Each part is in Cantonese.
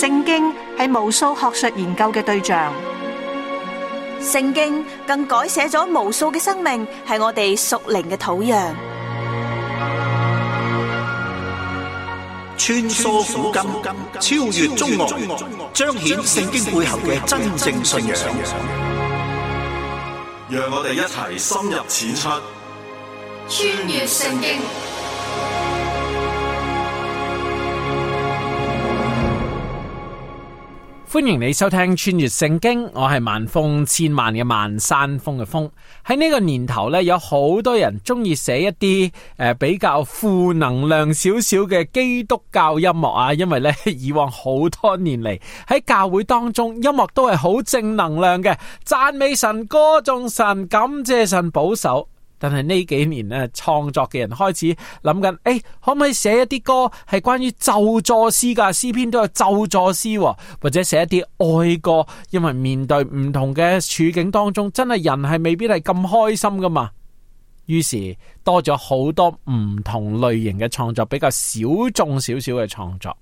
聖經係無數學術研究嘅對象，聖經更改寫咗無數嘅生命，係我哋屬靈嘅土壤。穿梭古今，超越中國，彰顯聖經背後嘅真正信仰。讓我哋一齊深入淺出，穿越聖經。歡迎你收聽穿越聖經，我係萬峰，千萬嘅萬山峰嘅峰。喺呢個年頭呢，有好多人中意寫一啲誒、呃、比較負能量少少嘅基督教音樂啊，因為呢，以往好多年嚟，喺教會當中，音樂都係好正能量嘅，讚美神，歌頌神，感謝神保守。但係呢幾年咧，創作嘅人開始諗緊，誒、欸，可唔可以寫一啲歌係關於咒詛詩噶？詩篇都有咒詛詩，或者寫一啲哀歌，因為面對唔同嘅處境當中，真係人係未必係咁開心噶嘛。於是多咗好多唔同類型嘅創作，比較小眾少少嘅創作。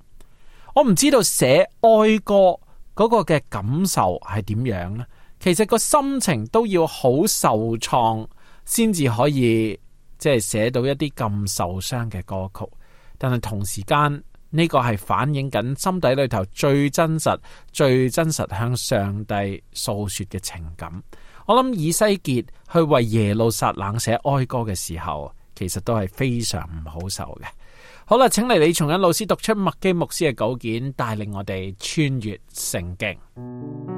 我唔知道寫哀歌嗰個嘅感受係點樣呢？其實個心情都要好受創。先至可以即係寫到一啲咁受傷嘅歌曲，但係同時間呢、這個係反映緊心底裏頭最真實、最真實向上帝訴說嘅情感。我諗以西結去為耶路撒冷寫哀歌嘅時候，其實都係非常唔好受嘅。好啦，請嚟李松恩老師讀出麥基牧師嘅稿件，帶領我哋穿越聖經。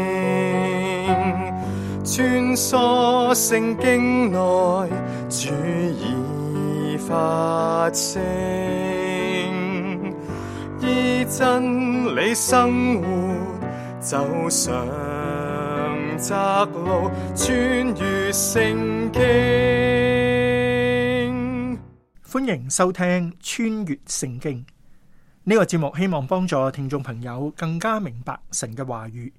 穿梭聖經內，主已發聲，依真理生活，走上窄路，穿越聖經。歡迎收聽《穿越聖經》呢個節目，希望幫助聽眾朋友更加明白神嘅話語。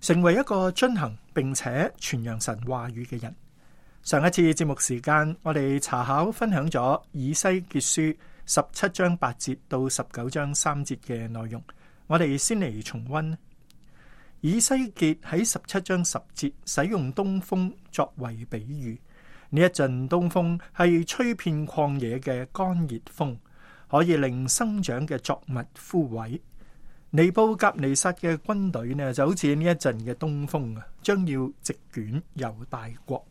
成為一個遵行，並且傳揚神話語嘅人。上一次節目時間，我哋查考分享咗以西結書十七章八節到十九章三節嘅內容。我哋先嚟重溫。以西結喺十七章十節使用東風作為比喻，呢一陣東風係吹遍曠野嘅乾熱風，可以令生長嘅作物枯萎。尼布甲尼撒嘅軍隊呢，就好似呢一陣嘅東風啊，將要席捲猶大國。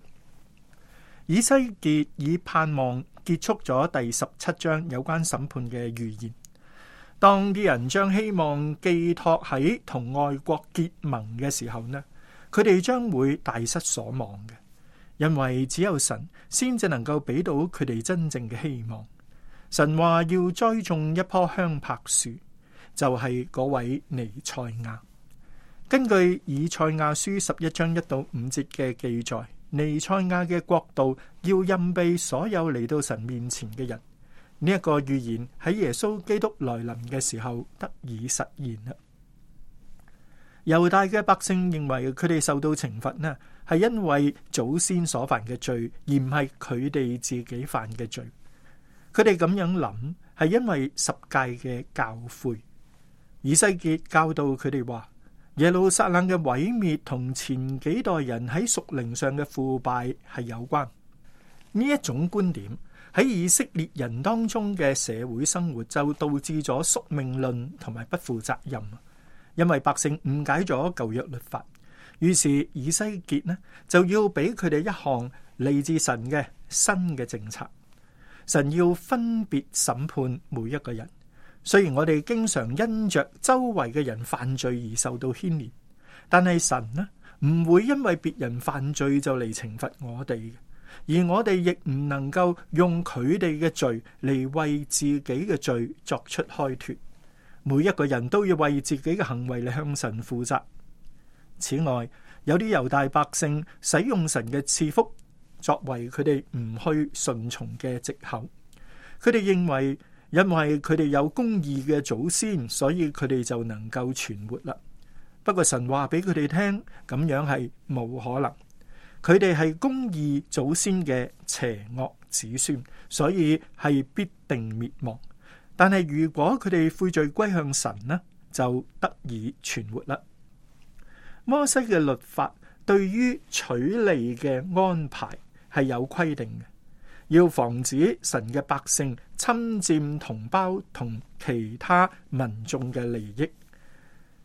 以西結以盼望結束咗第十七章有關審判嘅預言。當啲人將希望寄託喺同外國結盟嘅時候呢，佢哋將會大失所望嘅，因為只有神先至能夠俾到佢哋真正嘅希望。神話要栽種一棵香柏樹，就係、是、嗰位彌賽亞。根據以賽亞書十一章一到五節嘅記載，彌賽亞嘅國度要蔭庇所有嚟到神面前嘅人呢一、這個預言喺耶穌基督來臨嘅時候得以實現啦。猶大嘅百姓認為佢哋受到懲罰呢係因為祖先所犯嘅罪，而唔係佢哋自己犯嘅罪。佢哋咁樣諗係因為十誡嘅教誨。以西結教導佢哋話，耶路撒冷嘅毀滅同前幾代人喺屬靈上嘅腐敗係有關。呢一種觀點喺以色列人當中嘅社會生活就導致咗宿命論同埋不負責任，因為百姓誤解咗舊約律法。於是以西結呢就要俾佢哋一項嚟自神嘅新嘅政策，神要分別審判每一個人。雖然我哋經常因着周圍嘅人犯罪而受到牽連，但係神呢唔會因為別人犯罪就嚟懲罰我哋，而我哋亦唔能夠用佢哋嘅罪嚟為自己嘅罪作出開脫。每一個人都要為自己嘅行為嚟向神負責。此外，有啲猶大百姓使用神嘅賜福作為佢哋唔去順從嘅借口，佢哋認為。因為佢哋有公義嘅祖先，所以佢哋就能夠存活啦。不過神話俾佢哋聽，咁樣係冇可能。佢哋係公義祖先嘅邪惡子孫，所以係必定滅亡。但係如果佢哋悔罪歸向神呢，就得以存活啦。摩西嘅律法對於取利嘅安排係有規定嘅。要防止神嘅百姓侵占同胞同其他民眾嘅利益，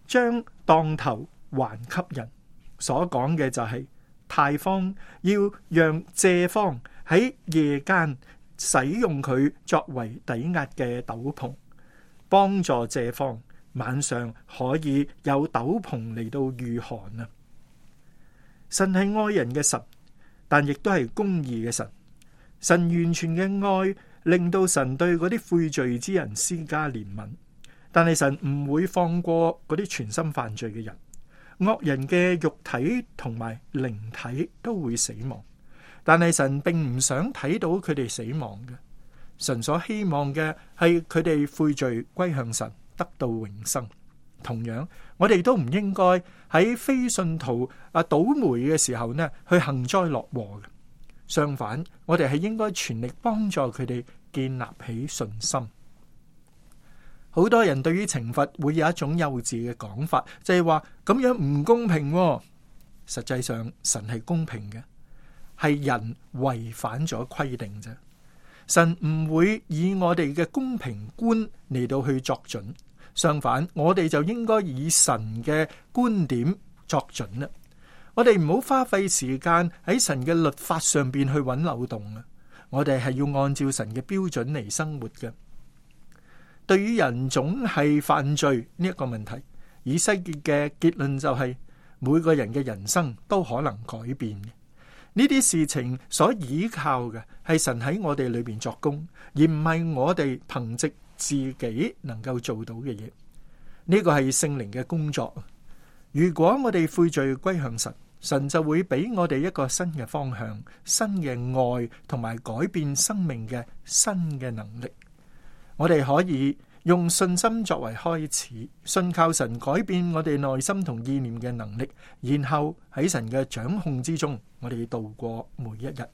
將當頭還給人。所講嘅就係、是、貸方要讓借方喺夜間使用佢作為抵押嘅斗篷，幫助借方晚上可以有斗篷嚟到御寒啊！神係愛人嘅神，但亦都係公義嘅神。神完全嘅愛，令到神對嗰啲悔罪之人施加憐憫，但係神唔會放過嗰啲全心犯罪嘅人。惡人嘅肉體同埋靈體都會死亡，但係神並唔想睇到佢哋死亡嘅。神所希望嘅係佢哋悔罪歸向神，得到永生。同樣，我哋都唔應該喺非信徒啊倒霉嘅時候呢去幸災樂禍嘅。相反，我哋係應該全力幫助佢哋建立起信心。好多人對於懲罰會有一種幼稚嘅講法，就係話咁樣唔公平喎。實際上，神係公平嘅，係人違反咗規定啫。神唔會以我哋嘅公平觀嚟到去作準。相反，我哋就應該以神嘅觀點作準啦。我哋唔好花費時間喺神嘅律法上邊去揾漏洞啊！我哋係要按照神嘅標準嚟生活嘅。對於人總係犯罪呢一個問題，以西結嘅結論就係每個人嘅人生都可能改變嘅。呢啲事情所倚靠嘅係神喺我哋裏邊作工，而唔係我哋憑借自己能夠做到嘅嘢。呢個係聖靈嘅工作。如果我哋悔罪歸向神。神就會俾我哋一個新嘅方向、新嘅愛，同埋改變生命嘅新嘅能力。我哋可以用信心作為開始，信靠神改變我哋內心同意念嘅能力，然後喺神嘅掌控之中，我哋度過每一日。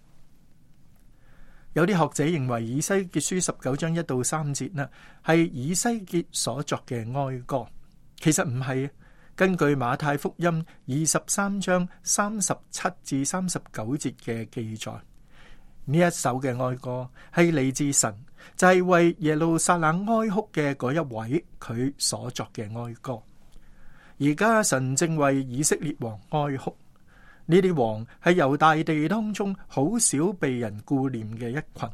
有啲學者認為《以西結書》十九章一到三節啦，係《以西結》所作嘅哀歌，其實唔係。根據馬太福音二十三章三十七至三十九節嘅記載，呢一首嘅哀歌係嚟自神，就係、是、為耶路撒冷哀哭嘅嗰一位佢所作嘅哀歌。而家神正為以色列王哀哭，呢啲王係由大地當中好少被人顧念嘅一群，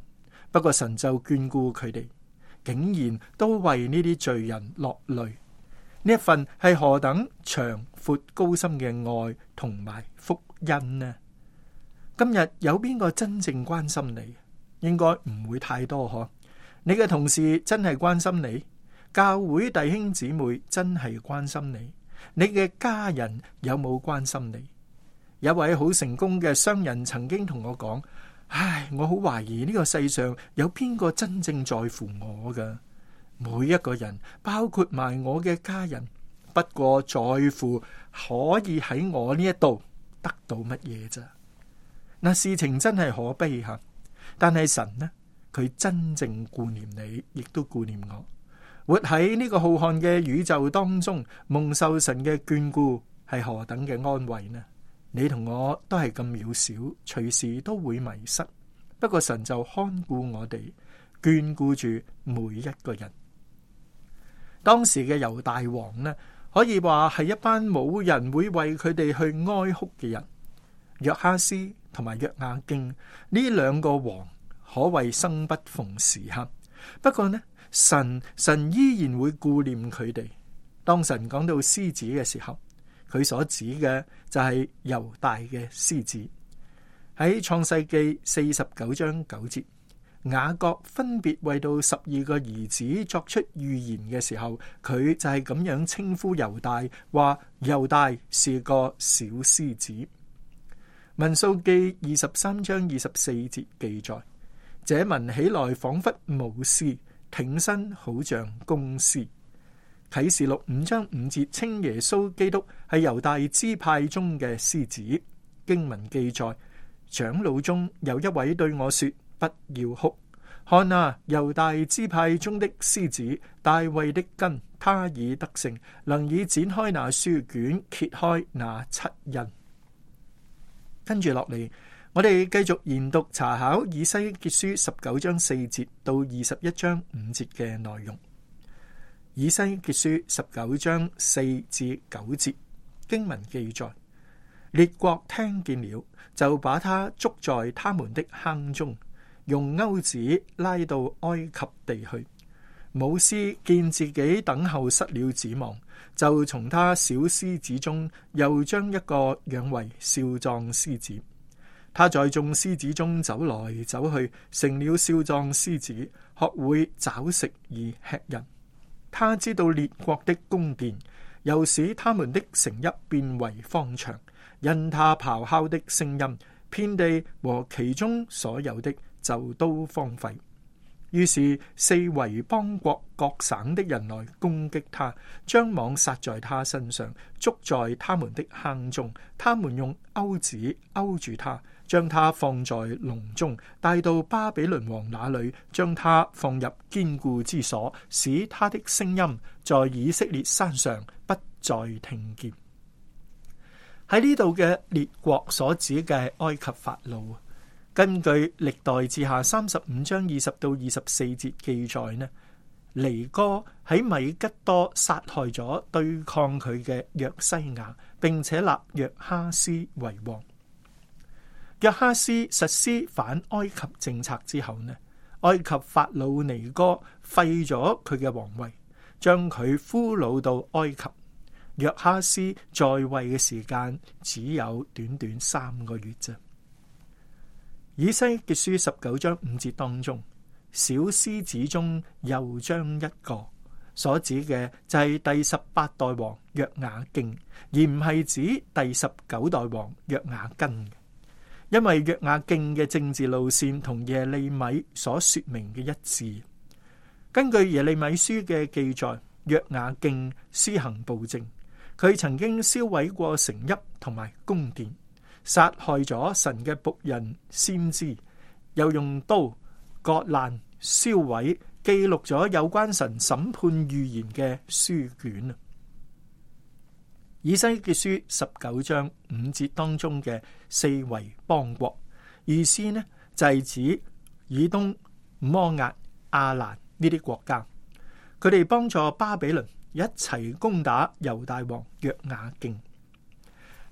不過神就眷顧佢哋，竟然都為呢啲罪人落淚。呢份係何等長闊高深嘅愛同埋福音呢。今日有邊個真正關心你？應該唔會太多嗬。每一個人，包括埋我嘅家人，不過在乎可以喺我呢一度得到乜嘢啫。嗱，事情真係可悲吓，但係神呢，佢真正顧念你，亦都顧念我。活喺呢個浩瀚嘅宇宙當中，蒙受神嘅眷顧係何等嘅安慰呢？你同我都係咁渺小，隨時都會迷失。不過神就看顧我哋，眷顧住每一個人。當時嘅猶大王呢，可以話係一班冇人會為佢哋去哀哭嘅人。約哈斯同埋約雅敬呢兩個王，可謂生不逢時刻。不過呢，神神依然會顧念佢哋。當神講到獅子嘅時候，佢所指嘅就係猶大嘅獅子。喺創世記四十九章九節。雅各分別為到十二個兒子作出預言嘅時候，佢就係咁樣稱呼猶大，話猶大是個小獅子。民數記二十三章二十四節記載，這民起來仿佛母獅，挺身好像公獅。啟示錄五章五節稱耶穌基督係猶大支派中嘅獅子。經文記載，長老中有一位對我說。不要哭，看啊！猶大支派中的獅子大衛的根，他已得勝，能以展開那書卷，揭開那七印。跟住落嚟，我哋繼續研讀查考以西結書十九章四節到二十一章五節嘅內容。以西結書十九章四至九節經文記載：列國聽見了，就把他捉在他們的坑中。用鈎子拉到埃及地去。母獅見自己等候失了指望，就從他小獅子中又將一個養為少壯獅子。他在眾獅子中走來走去，成了少壯獅子，學會找食而吃人。他知道列國的宮殿，又使他們的城邑變為荒場，因他咆哮的聲音遍地和其中所有的。就都荒廢，於是四圍邦國各省的人來攻擊他，將網撒在他身上，捉在他們的坑中。他們用鈎子鈎住他，將他放在籠中，帶到巴比倫王那裏，將他放入堅固之所，使他的聲音在以色列山上不再聽見。喺呢度嘅列國所指嘅係埃及法老啊。根據歷代志下三十五章二十到二十四節記載呢，尼哥喺米吉多殺害咗對抗佢嘅約西亞，並且立約哈斯為王。約哈斯實施反埃及政策之後呢，埃及法老尼哥廢咗佢嘅王位，將佢俘虜到埃及。約哈斯在位嘅時間只有短短三個月啫。以西結書十九章五節當中，小獅子中又將一個所指嘅就係第十八代王約雅敬，而唔係指第十九代王約雅根。因為約雅敬嘅政治路線同耶利米所說明嘅一致。根據耶利米書嘅記載，約雅敬施行暴政，佢曾經燒毀過城邑同埋宮殿。殺害咗神嘅僕人，先知又用刀割爛、燒毀，記錄咗有關神審判預言嘅書卷。以西結書十九章五節當中嘅四圍邦國，意思呢就係指以東、摩押、亞蘭呢啲國家，佢哋幫助巴比倫一齊攻打猶大王約雅敬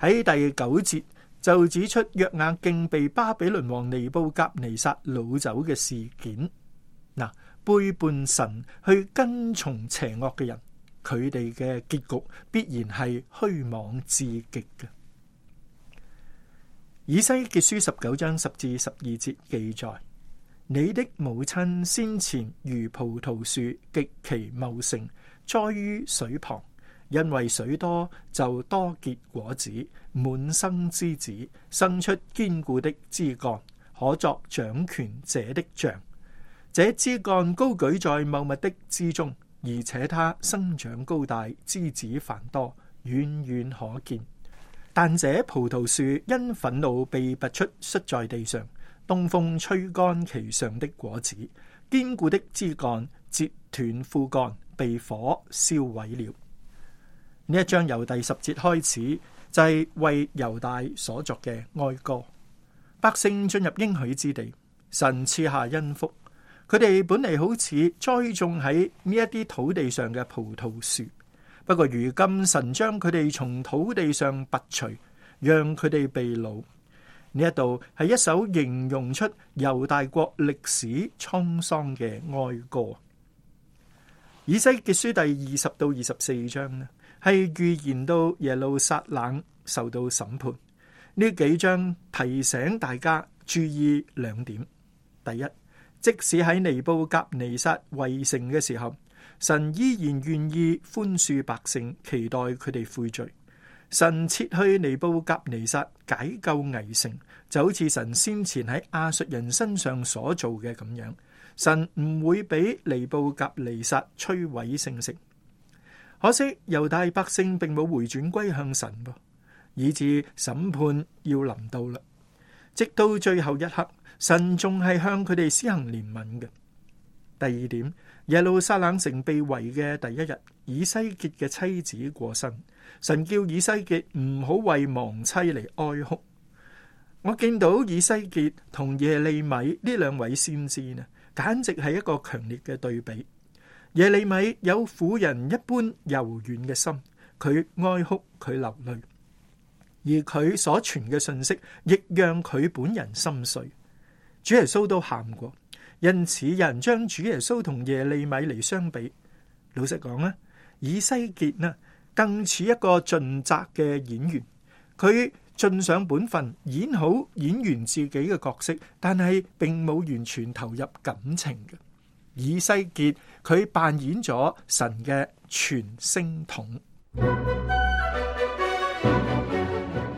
喺第九節。就指出約雅敬被巴比倫王尼布甲尼撒擄走嘅事件，嗱、呃，背叛神去跟從邪惡嘅人，佢哋嘅結局必然係虛妄至極嘅。以西結書十九章十至十二節記載：你的母親先前如葡萄樹極其茂盛，栽於水旁。因為水多，就多結果子，滿生枝子，生出堅固的枝幹，可作掌權者的杖。這枝幹高舉在茂密的枝中，而且它生長高大，枝子繁多，遠遠可見。但這葡萄樹因憤怒被拔出，摔在地上，東風吹乾其上的果子，堅固的枝幹折斷枯乾，被火燒毀了。呢一章由第十節開始就係、是、為猶大所作嘅哀歌。百姓進入應許之地，神賜下恩福。佢哋本嚟，好似栽種喺呢一啲土地上嘅葡萄樹，不過如今神將佢哋從土地上拔除，讓佢哋被擄。呢一度係一首形容出猶大國歷史滄桑嘅哀歌。以西結書第二十到二十四章呢？係預言到耶路撒冷受到審判呢幾章，提醒大家注意兩點：第一，即使喺尼布甲尼撒圍城嘅時候，神依然願意寬恕百姓，期待佢哋悔罪。神撤去尼布甲尼撒解救危城，就好似神先前喺亞述人身上所做嘅咁樣，神唔會俾尼布甲尼撒摧毀聖城。可惜猶大百姓並冇回轉歸向神噃，以至審判要臨到啦。直到最後一刻，神仲係向佢哋施行憐憫嘅。第二點，耶路撒冷城被圍嘅第一日，以西結嘅妻子過身，神叫以西結唔好為亡妻嚟哀哭。我見到以西結同耶利米呢兩位先知呢，簡直係一個強烈嘅對比。耶利米有婦人一般柔軟嘅心，佢哀哭，佢流淚，而佢所傳嘅信息亦讓佢本人心碎。主耶穌都喊過，因此有人將主耶穌同耶利米嚟相比。老實講咧，以西結呢更似一個盡責嘅演員，佢盡上本分，演好演員自己嘅角色，但係並冇完全投入感情嘅。以西結佢扮演咗神嘅傳聲筒。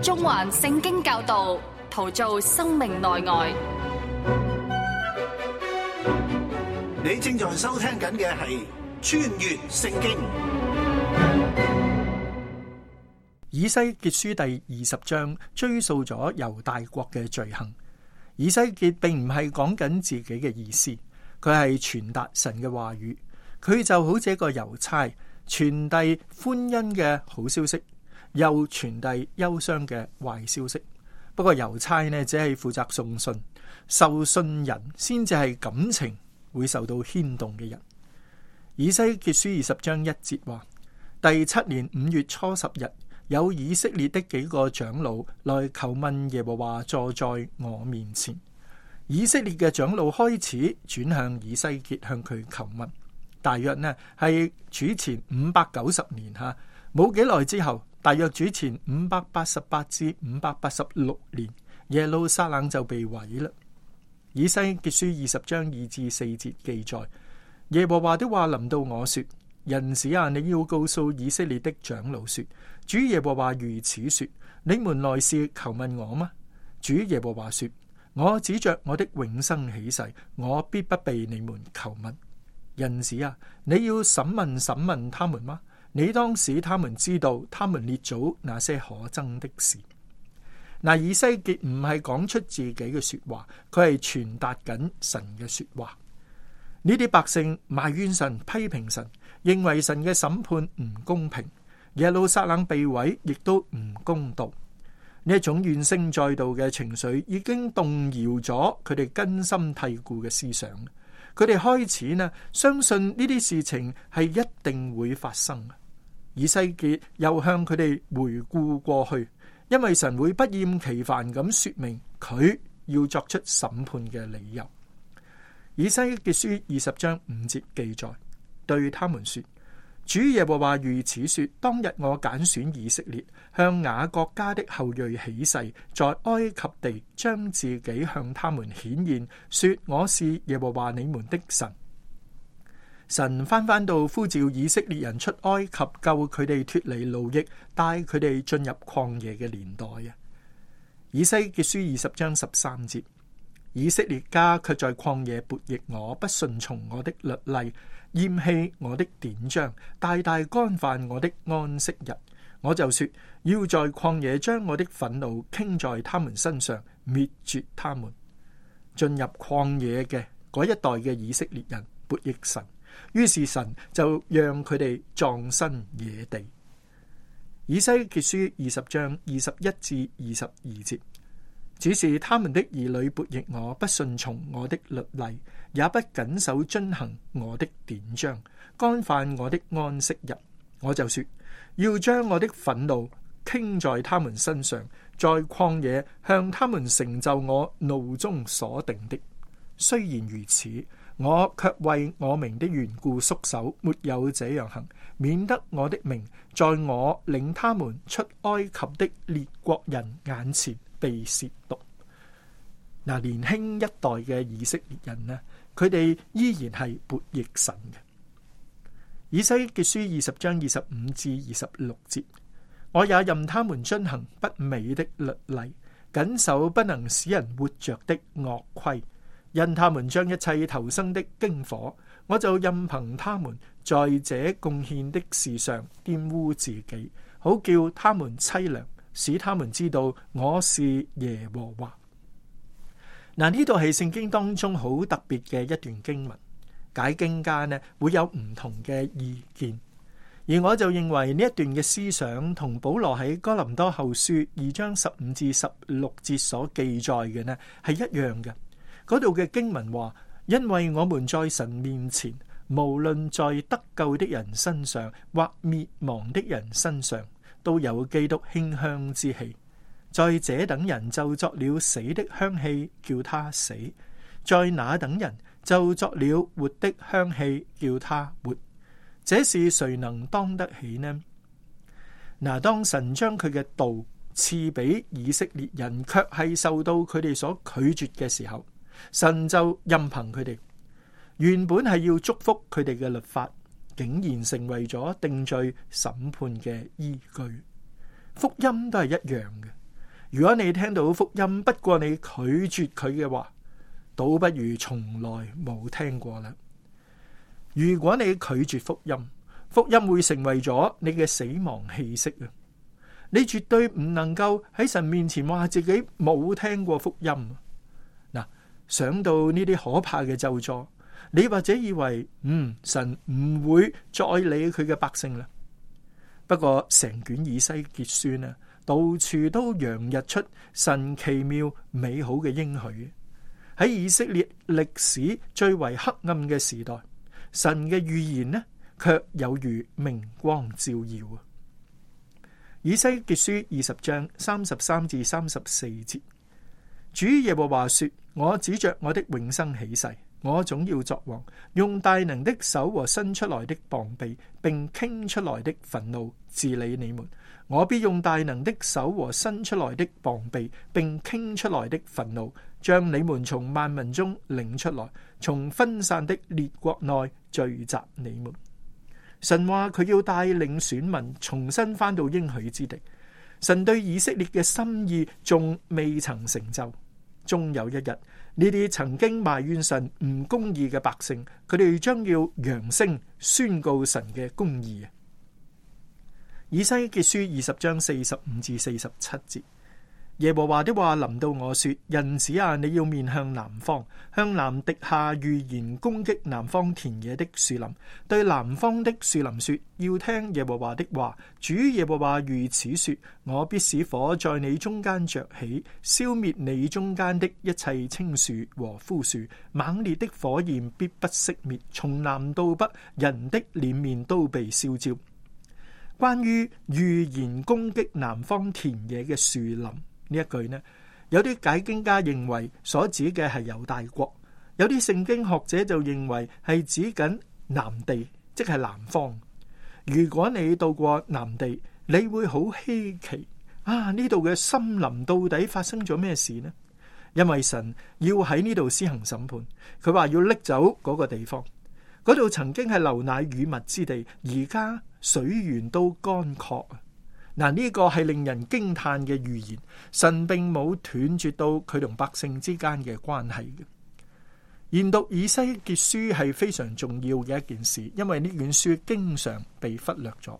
中環聖經教導，陶造生命內外。你正在收聽緊嘅係穿越聖經。以西結書第二十章追溯咗猶大國嘅罪行。以西結並唔係講緊自己嘅意思。佢係傳達神嘅話語，佢就好似一個郵差傳遞歡欣嘅好消息，又傳遞憂傷嘅壞消息。不過郵差呢，只係負責送信，受信人先至係感情會受到牽動嘅人。以西結書二十章一節話：第七年五月初十日，有以色列的幾個長老來求問耶和華，坐在我面前。以色列嘅長老開始轉向以西結向佢求問，大約呢係主前五百九十年吓，冇幾耐之後，大約主前五百八十八至五百八十六年，耶路撒冷就被毀啦。以西結書二十章二至四節記載，耶和華的話臨到我說：人子啊，你要告訴以色列的長老說，主耶和華如此說：你們來是求問我嗎？主耶和華說。我指着我的永生起誓，我必不被你們求問。人子啊，你要審問審問他們嗎？你當使他們知道他們列祖那些可憎的事。嗱，以西結唔係講出自己嘅說話，佢係傳達緊神嘅說話。呢啲百姓埋怨神、批評神，認為神嘅審判唔公平，耶路撒冷被毀亦都唔公道。呢一種怨聲載道嘅情緒已經動搖咗佢哋根深蒂固嘅思想，佢哋開始呢，相信呢啲事情係一定會發生。以西結又向佢哋回顧過去，因為神會不厭其煩咁說明佢要作出審判嘅理由。以西結書二十章五節記載，對他們說。主耶和華如此說：當日我揀選以色列，向雅各家的後裔起誓，在埃及地將自己向他們顯現，說我是耶和華你們的神。神返返到呼召以色列人出埃及救，救佢哋脫離奴役，帶佢哋進入曠野嘅年代啊！以西結書二十章十三節：以色列家卻在曠野悖逆我，不順從我的律例。厭棄我的典章，大大干犯我的安息日，我就說要在曠野將我的憤怒傾在他們身上，滅絕他們。進入曠野嘅嗰一代嘅以色列人，悖逆神，於是神就讓佢哋葬身野地。以西結書二十章二十一至二十二節。只是他們的兒女悖逆，我不順從我的律例，也不謹守遵行我的典章，干犯我的安息日。我就說要將我的憤怒傾在他們身上，在曠野向他們成就我怒中所定的。雖然如此，我卻為我名的緣故縮手，沒有這樣行，免得我的名在我領他們出埃及的列國人眼前被褻瀆。嗱，年輕一代嘅以色列人呢，佢哋依然係悖逆神嘅。以西結書二十章二十五至二十六節，我也任他們遵行不美的律例，謹守不能使人活着的惡規，任他們將一切頭生的經火，我就任憑他們在這供獻的事上玷污自己，好叫他們淒涼。使他們知道我是耶和華。嗱，呢度係聖經當中好特別嘅一段經文，解經家呢會有唔同嘅意見，而我就認為呢一段嘅思想同保羅喺哥林多後書二章十五至十六節所記載嘅呢係一樣嘅。嗰度嘅經文話：「因為我們在神面前，無論在得救的人身上或滅亡的人身上。都有基督馨香之氣，在這等人就作了死的香氣，叫他死；在那等人就作了活的香氣，叫他活。這是誰能當得起呢？嗱，當神將佢嘅道賜俾以色列人，卻係受到佢哋所拒絕嘅時候，神就任憑佢哋。原本係要祝福佢哋嘅律法，竟然成為咗定罪審判嘅依據，福音都係一樣嘅。如果你聽到福音，不過你拒絕佢嘅話，倒不如從來冇聽過啦。如果你拒絕福音，福音會成為咗你嘅死亡氣息啊！你絕對唔能夠喺神面前話自己冇聽過福音嗱，想到呢啲可怕嘅咒詛。你或者以為，嗯，神唔會再理佢嘅百姓啦。不過成卷以西結書呢，到處都洋溢出，神奇妙美好嘅應許。喺以色列歷史最為黑暗嘅時代，神嘅預言呢，卻有如明光照耀啊！以西結書二十章三十三至三十四節，主耶和華說：我指着我的永生起誓。我總要作王，用大能的手和伸出來的膀臂，並傾出來的憤怒治理你們。我必用大能的手和伸出來的膀臂，並傾出來的憤怒，將你們從萬民中領出來，從分散的列國內聚集你們。神話，佢要帶領選民重新翻到應許之地。神對以色列嘅心意仲未曾成就，終有一日。呢啲曾經埋怨神唔公義嘅百姓，佢哋將要揚聲宣告神嘅公義。以西結書二十章四十五至四十七節。耶和華的話臨到我說：人子啊，你要面向南方，向南滴下預言，攻擊南方田野的樹林。對南方的樹林說：要聽耶和華的話。主耶和華如此說：我必使火在你中間着起，消滅你中間的一切青樹和枯樹，猛烈的火焰必不熄滅。從南到北，人的臉面都被燒焦。關於預言攻擊南方田野嘅樹林。呢一句呢，有啲解經家認為所指嘅係猶大國，有啲聖經學者就認為係指緊南地，即係南方。如果你到過南地，你會好稀奇啊！呢度嘅森林到底發生咗咩事呢？因為神要喺呢度施行審判，佢話要拎走嗰個地方，嗰度曾經係流奶與蜜之地，而家水源都乾涸。嗱，呢個係令人驚嘆嘅預言，神並冇斷絕到佢同百姓之間嘅關係嘅。研讀以西結書係非常重要嘅一件事，因為呢卷書經常被忽略咗，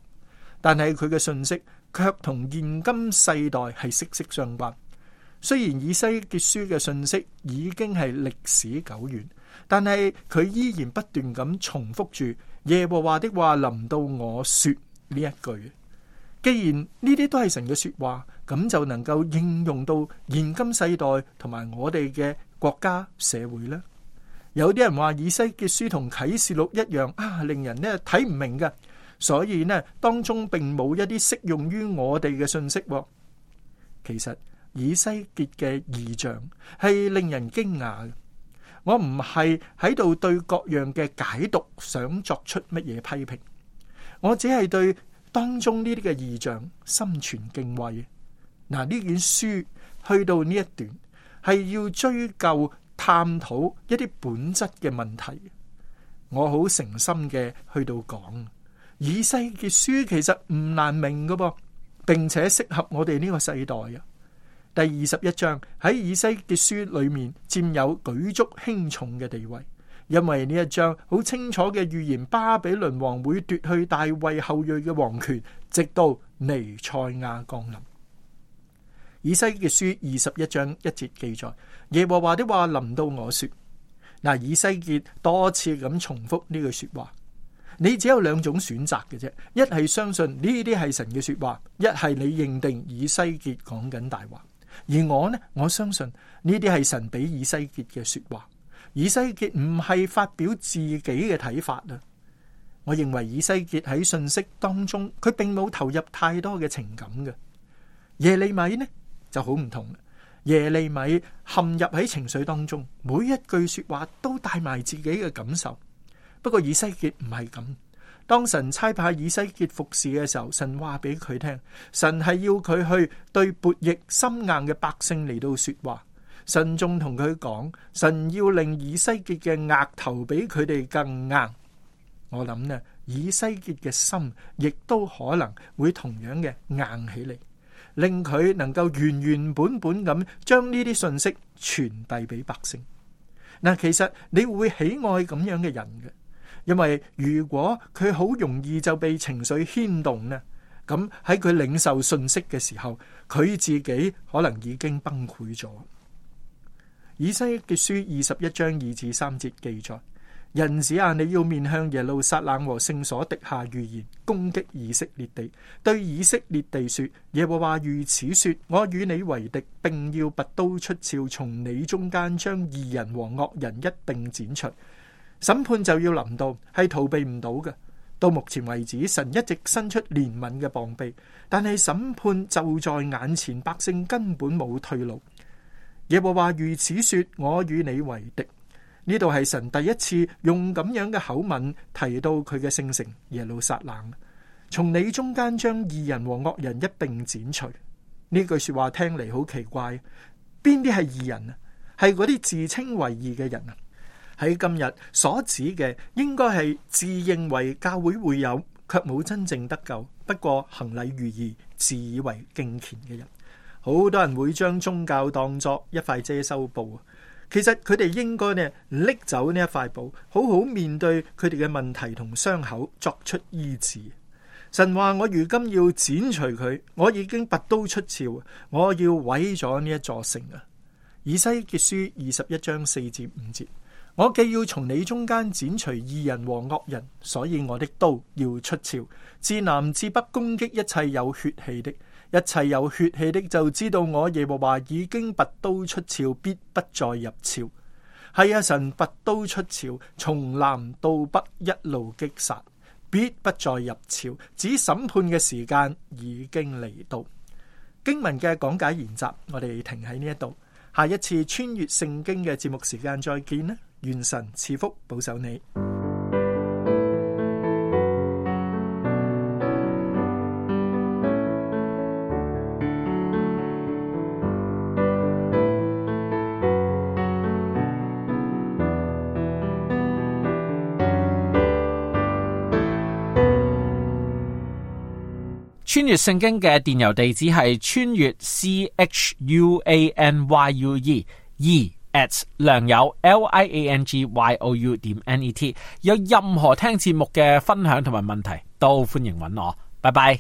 但係佢嘅信息卻同現今世代係息息相關。雖然以西結書嘅信息已經係歷史久遠，但係佢依然不斷咁重複住「耶和華的話，臨到我說」呢一句。既然呢啲都係神嘅說話，咁就能夠應用到現今世代同埋我哋嘅國家社會咧。有啲人話以西結書同啟示錄一樣啊，令人咧睇唔明㗎，所以咧當中並冇一啲適用於我哋嘅信息。其實以西結嘅異象係令人驚訝嘅。我唔係喺度對各樣嘅解讀想作出乜嘢批評，我只係對。當中呢啲嘅意象，心存敬畏。嗱，呢卷書去到呢一段，係要追究探討一啲本質嘅問題。我好誠心嘅去到講，以西結書其實唔難明㗎噃，並且適合我哋呢個世代啊。第二十一章喺以西結書裏面佔有舉足輕重嘅地位。因為呢一章好清楚嘅預言，巴比倫王會奪去大衛後裔嘅王權，直到彌賽亞降臨。以西結書二十一章一節記載，耶和華的話臨到我說，嗱，以西結多次咁重複呢句說話，你只有兩種選擇嘅啫，一係相信呢啲係神嘅說話，一係你認定以西結講緊大話。而我呢，我相信呢啲係神俾以西結嘅說話。以西結唔係發表自己嘅睇法。我認為以西結喺信息當中，佢並冇投入太多嘅情感。耶利米呢？就好唔同。耶利米陷入喺情緒當中，每一句說話都帶埋自己嘅感受。不過以西結唔係咁。當神差派以西結服侍嘅時候，神話畀佢聽，神係要佢去對悖逆心硬嘅百姓嚟到說話。神仲同佢講，神要令以西結嘅額頭比佢哋更硬。我諗咧，以西結嘅心亦都可能會同樣嘅硬起嚟，令佢能夠原原本本咁將呢啲信息傳遞俾百姓。嗱，其實你會喜愛咁樣嘅人嘅，因為如果佢好容易就被情緒牽動咧，咁喺佢領受信息嘅時候，佢自己可能已經崩潰咗。以西結書二十一章二至三節記載：人子啊，你要面向耶路撒冷和聖所滴下預言，攻擊以色列地，對以色列地說：耶和華如此說，我與你為敵，並要拔刀出鞘，從你中間將義人和惡人一並剪除。審判就要臨到，係逃避唔到嘅。到目前為止，神一直伸出憐憫嘅膀臂，但係審判就在眼前，百姓根本冇退路。耶和華如此說：我與你為敵。呢度係神第一次用咁樣嘅口吻提到佢嘅聖城耶路撒冷，從你中間將義人和惡人一併剪除。呢句說話聽嚟好奇怪，邊啲係義人啊？係嗰啲自稱為義嘅人啊？喺今日所指嘅，應該係自認為教會會友，卻冇真正得救，不過行禮如儀自以為敬虔嘅人。好多人會將宗教當作一塊遮羞布啊！其實佢哋應該呢拎走呢一塊布，好好面對佢哋嘅問題同傷口，作出醫治。神話我如今要剪除佢，我已經拔刀出鞘，我要毀咗呢一座城啊！以西結書二十一章四至五節，我既要從你中間剪除義人和惡人，所以我的刀要出鞘，自南至北攻擊一切有血氣的。一切有血氣的就知道我，我耶和華已經拔刀出鞘，必不再入鞘。係啊，神拔刀出鞘，從南到北一路擊殺，必不再入鞘，指審判嘅時間已經嚟到。經文嘅講解研習，我哋停喺呢一度。下一次穿越聖經嘅節目時間再見啦。願神賜福保守你。穿越聖經嘅電郵地址係穿越 c h u a n y u e e at 良友 l i a n g y o u 點 n e t，有任何聽節目嘅分享同埋問題都歡迎搵我，拜拜。